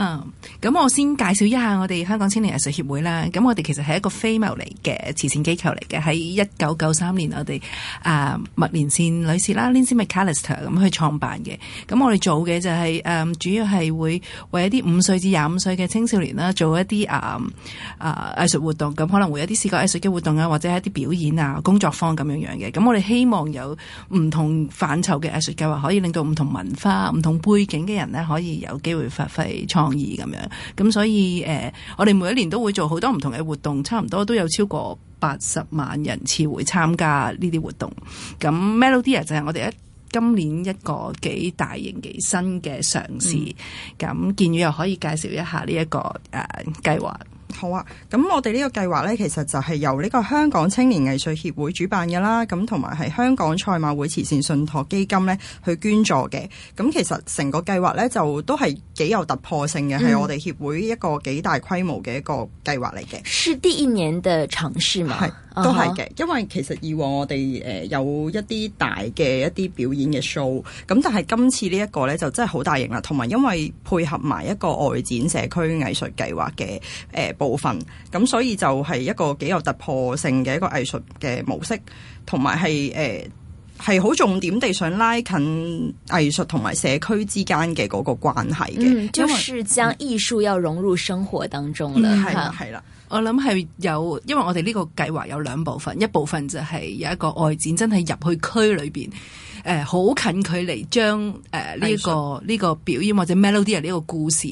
嗯，咁我先介紹一下我哋香港青年藝術協會啦。咁我哋其實係一個非牟利嘅慈善機構嚟嘅，喺一九九三年我哋啊麥連線女士啦 Lindsay McCallister 咁去創辦嘅。咁我哋做嘅就係、是、誒、嗯、主要係會為一啲五歲至廿五歲嘅青少年啦，做一啲啊啊藝術活動，咁可能會有啲視覺藝術嘅活動啊，或者係一啲表演啊、工作坊咁樣樣嘅。咁我哋希望有唔同範疇嘅藝術計劃可以令到唔同文化、唔同背景嘅人咧，可以有機會發揮創意咁樣，咁所以誒、呃，我哋每一年都會做好多唔同嘅活動，差唔多都有超過八十萬人次會參加呢啲活動。咁 Melody a，啊，就係我哋一今年一個幾大型、幾新嘅嘗試。咁，嗯、建宇又可以介紹一下呢，這，一個誒、呃、計劃。好啊，咁我哋呢個計劃呢，其實就係由呢個香港青年藝術協會主辦嘅啦，咁同埋係香港賽馬會慈善信託基金呢去捐助嘅。咁其實成個計劃呢，就都係幾有突破性嘅，係我哋協會一個幾大規模嘅一個計劃嚟嘅。是第一年的嘗試嘛？係，都係嘅。因為其實以往我哋誒、呃、有一啲大嘅一啲表演嘅 show，咁但係今次呢一個呢，就真係好大型啦，同埋因為配合埋一個外展社區藝術計劃嘅誒。呃部分咁，所以就係一個幾有突破性嘅一個藝術嘅模式，同埋係誒係好重點地想拉近藝術同埋社區之間嘅嗰個關係嘅、嗯，就是將藝術要融入生活當中啦。係、嗯、啦、嗯嗯，我諗係有，因為我哋呢個計劃有兩部分，一部分就係有一個外展，真係入去區裏面。誒、呃、好近距離將誒呢個呢、呢個表演或者 melody 呢、啊、個故事，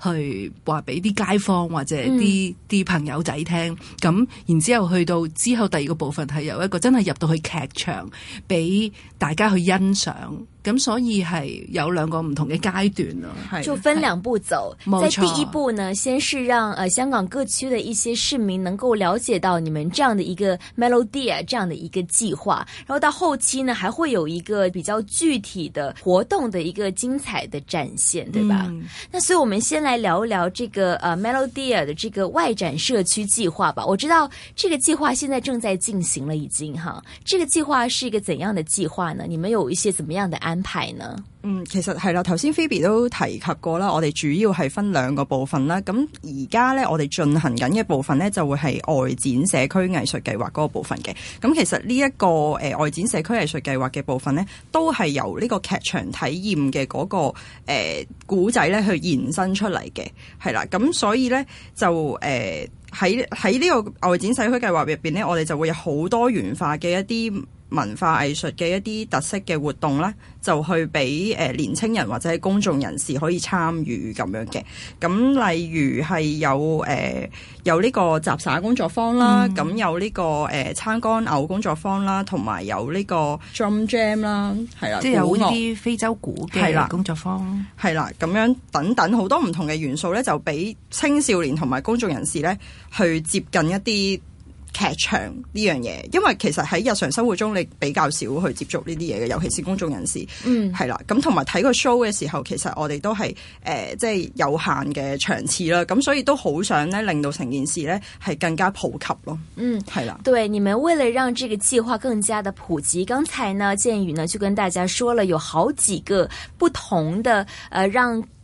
去話俾啲街坊或者啲啲、嗯、朋友仔聽。咁然之後去到之後第二個部分係由一個真係入到去劇場，俾大家去欣賞。咁所以係有兩個唔同嘅階段啊係，就分兩步走。在第一步呢，先是讓呃香港各區的一些市民能夠了解到你們這樣的一個 Melodia 這樣的一個計劃。然後到後期呢，還會有一個比較具體的活動的一個精彩的展現，對吧？嗯。那所以，我們先來聊一聊這個呃 Melodia 的這個外展社區計劃吧。我知道這個計劃現在正在進行了，已經哈。這個計劃是一個怎樣的計劃呢？你們有一些怎麼樣的安排？安排呢？嗯，其實係啦，頭先 Phoebe 都提及過啦。我哋主要係分兩個部分啦。咁而家呢，我哋進行緊嘅部分呢，就會係外展社區藝術計劃嗰個部分嘅。咁其實呢一個誒外展社區藝術計劃嘅部分呢，都係由呢個劇場體驗嘅嗰個誒古仔呢去延伸出嚟嘅。係啦，咁所以呢，就誒喺喺呢個外展社區計劃入邊呢，我哋就會有好多元化嘅一啲。文化藝術嘅一啲特色嘅活動呢，就去俾誒、呃、年青人或者係公眾人士可以參與咁樣嘅。咁例如係有誒、呃、有呢個雜耍工作坊啦，咁、嗯、有呢、這個誒撐竿牛工作坊啦，同埋有呢個 drum jam 啦、嗯，係啦、啊，即係有啲非洲鼓嘅工作坊，係啦、啊，咁、啊、樣等等好多唔同嘅元素呢，就俾青少年同埋公眾人士呢去接近一啲。劇場呢樣嘢，因為其實喺日常生活中你比較少去接觸呢啲嘢嘅，尤其是公眾人士，係、嗯、啦。咁同埋睇個 show 嘅時候，其實我哋都係誒、呃，即係有限嘅場次啦。咁所以都好想咧，令到成件事咧係更加普及咯。嗯，係啦。對，你們為了讓這個計劃更加的普及，剛才呢建宇呢就跟大家說了有好幾個不同的，誒、呃、讓。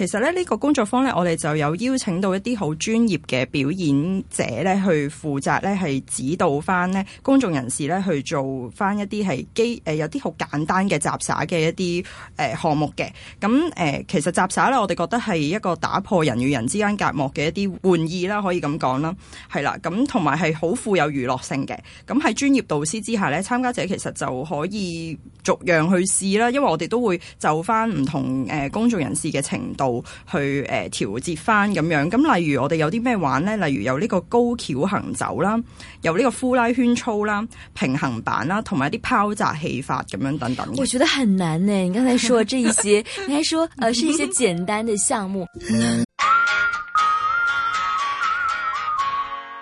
其實咧，呢、這個工作坊呢，我哋就有邀請到一啲好專業嘅表演者咧，去負責咧係指導翻呢公眾人士咧去做翻一啲係、呃、有啲好簡單嘅雜耍嘅一啲誒項目嘅。咁、嗯呃、其實雜耍呢，我哋覺得係一個打破人與人之間隔膜嘅一啲玩意啦，可以咁講啦。係、嗯、啦，咁同埋係好富有娛樂性嘅。咁喺專業導師之下呢，參加者其實就可以逐樣去試啦。因為我哋都會就翻唔同誒、呃、公眾人士嘅程度。去誒調節翻咁樣，咁例如我哋有啲咩玩咧？例如有呢個高蹺行走啦，有呢個呼拉圈操啦，平衡板啦，同埋一啲拋擲戲法咁樣等等。我覺得很難呢、欸，你剛才說這一些， 你還說，呃，是一些簡單的項目。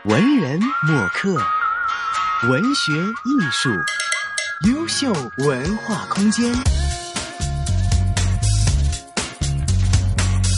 文人墨客，文學藝術，優秀文化空間。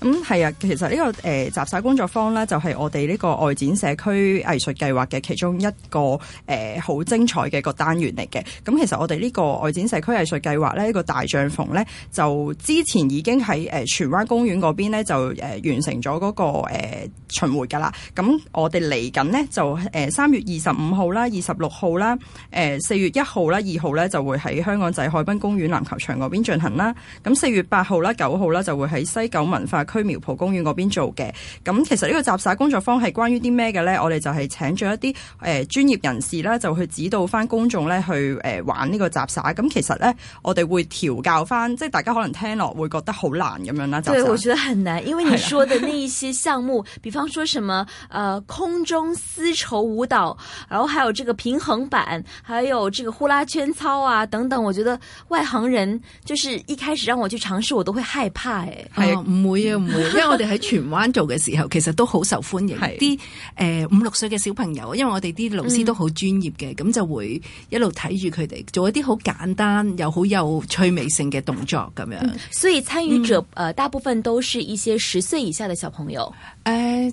咁、嗯、係啊，其實呢、這個誒集晒工作坊咧，就係、是、我哋呢個外展社區藝術計劃嘅其中一個誒好、呃、精彩嘅個單元嚟嘅。咁、嗯、其實我哋呢個外展社區藝術計劃咧，這個大帳篷咧就之前已經喺誒荃灣公園嗰邊咧就誒完成咗嗰、那個誒、呃、巡迴噶、嗯呃、啦。咁我哋嚟緊咧就誒三月二十五號啦、二十六號啦、誒四月一號啦、二號咧就會喺香港仔海濱公園籃球場嗰邊進行啦。咁、嗯、四月八號啦、九號啦就會喺西九文化區苗圃公園嗰邊做嘅，咁其實呢個雜耍工作坊係關於啲咩嘅咧？我哋就係請咗一啲誒專業人士啦，就去指導翻公眾咧去誒、呃、玩呢個雜耍。咁其實咧，我哋會調教翻，即係大家可能聽落會覺得好難咁樣啦。對，我覺得很難，因為你說的那一些項目，比方說什麼，誒、 呃、空中絲綢舞蹈，然後還有這個平衡板，還有這個呼啦圈操啊等等，我覺得外行人就是一開始讓我去嘗試，我都會害怕、欸。誒、哦，唔會啊。嗯 因為我哋喺荃灣做嘅時候，其實都好受歡迎。啲誒五六歲嘅小朋友，因為我哋啲老師都好專業嘅，咁、嗯、就會一路睇住佢哋做一啲好簡單又好有趣味性嘅動作咁樣。所以參與者誒、嗯呃，大部分都係一些十歲以下嘅小朋友。誒、呃。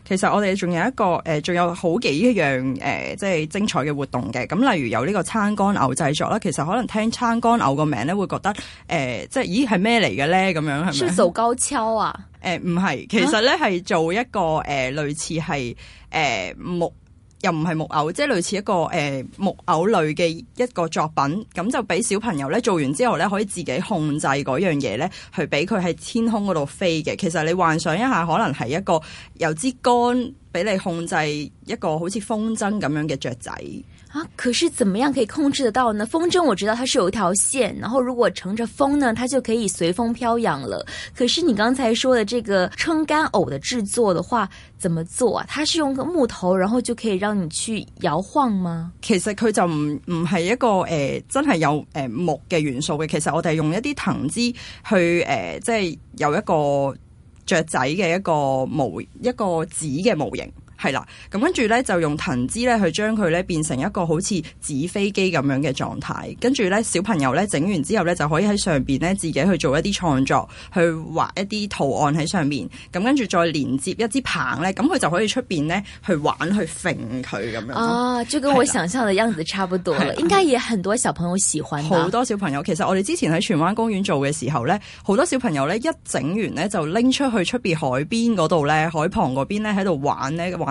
其實我哋仲有一個誒，仲、呃、有好幾樣誒、呃，即係精彩嘅活動嘅。咁例如有呢個撐竿牛製作啦。其實可能聽撐竿牛個名咧，會覺得誒、呃，即係咦，係咩嚟嘅咧？咁樣係咪？係走高蹺啊？誒唔係，其實咧係、啊、做一個誒、呃，類似係誒、呃、木。又唔係木偶，即係類似一個、呃、木偶類嘅一個作品，咁就俾小朋友咧做完之後咧，可以自己控制嗰樣嘢咧，去俾佢喺天空嗰度飛嘅。其實你幻想一下，可能係一個由支竿俾你控制一個好似風箏咁樣嘅雀仔。啊！可是怎麼樣可以控制得到呢？風箏我知道它是有一條線，然後如果乘着風呢，它就可以隨風飄揚了。可是你剛才說的這個撐竿偶的製作的話，怎麼做？啊？它是用個木頭，然後就可以讓你去搖晃嗎？其實佢就唔唔係一個誒、呃、真係有誒、呃、木嘅元素嘅。其實我哋用一啲藤枝去誒、呃，即係有一個雀仔嘅一個模一個紙嘅模型。係啦，咁跟住咧就用藤枝咧去將佢咧變成一個好似紙飛機咁樣嘅狀態，跟住咧小朋友咧整完之後咧就可以喺上面咧自己去做一啲創作，去畫一啲圖案喺上面。咁跟住再連接一支棒咧，咁佢就可以出面咧去玩去揈佢咁樣。哦，就跟我想像嘅樣子差不多，應該也很多小朋友喜歡。好多小朋友，其實我哋之前喺荃灣公園做嘅時候咧，好多小朋友咧一整完咧就拎出去出面海邊嗰度咧，海旁嗰邊咧喺度玩咧玩。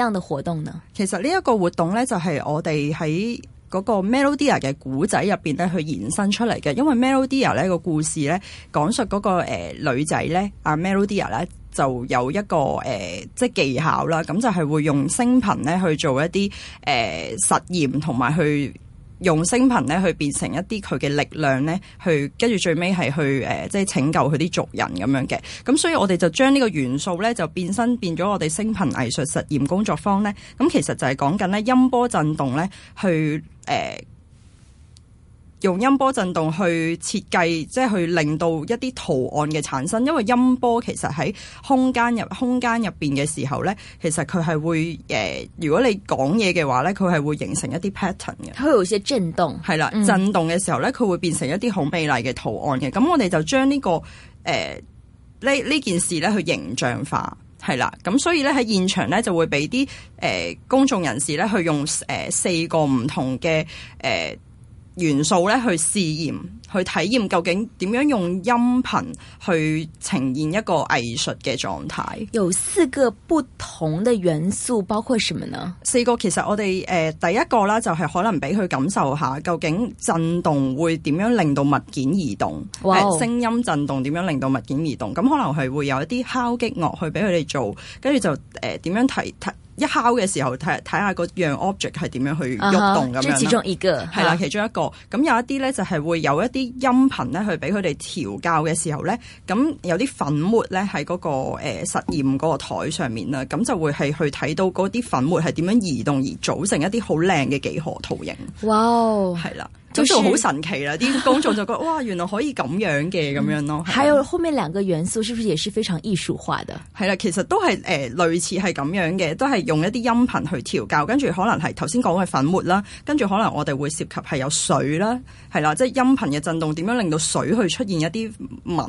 樣的活動呢？其實呢一個活動呢，就係我哋喺嗰個 Melodia 嘅古仔入邊咧去延伸出嚟嘅。因為 Melodia 呢個故事呢，講述嗰、那個誒、呃、女仔呢阿、啊、Melodia 呢就有一個誒、呃、即技巧啦，咁就係會用聲頻咧去做一啲誒、呃、實驗同埋去。用聲頻咧去變成一啲佢嘅力量咧，去跟住最尾係去誒，即係拯救佢啲族人咁樣嘅。咁所以我哋就將呢個元素咧，就變身變咗我哋聲頻藝術實驗工作坊咧。咁其實就係講緊咧音波震動咧，去誒。用音波震動去設計，即係去令到一啲圖案嘅產生。因為音波其實喺空間入空間入邊嘅時候咧，其實佢係會誒、呃，如果你講嘢嘅話咧，佢係會形成一啲 pattern 嘅。佢有啲震動，係啦、嗯，震動嘅時候咧，佢會變成一啲好美麗嘅圖案嘅。咁我哋就將呢、這個誒呢呢件事咧去形象化，係啦。咁所以咧喺現場咧就會俾啲誒公眾人士咧去用誒四個唔同嘅誒。呃元素咧去試驗，去體驗究竟點樣用音頻去呈現一個藝術嘅狀態。有四個不同的元素，包括什麼呢？四個其實我哋誒、呃，第一個啦就係可能俾佢感受一下究竟震動會點樣令到物件移動，係、wow. 呃、聲音震動點樣令到物件移動。咁可能係會有一啲敲擊樂去俾佢哋做，跟住就誒呃、點樣提提。一敲嘅時候睇睇下個樣 object 係點樣去喐動咁、uh -huh, 樣，即係其中一個係啦，其中一個咁有一啲咧就係、是、會有一啲音頻咧去俾佢哋調校嘅時候咧，咁有啲粉末咧喺嗰個誒、呃、實驗嗰個枱上面啦，咁就會係去睇到嗰啲粉末係點樣移動而組成一啲好靚嘅幾何圖形。哇！係啦。觀眾好神奇啦，啲觀眾就覺得 哇，原來可以咁樣嘅咁 樣咯。還有後面兩個元素，是不是也是非常藝術化的？係啦，其實都係誒、呃、類似係咁樣嘅，都係用一啲音頻去調校，跟住可能係頭先講嘅粉末啦，跟住可能我哋會涉及係有水啦，係啦，即係音頻嘅震動點樣令到水去出現一啲紋。